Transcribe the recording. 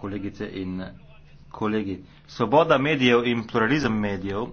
kolegice in kolegi. Svoboda medijev in pluralizem medijev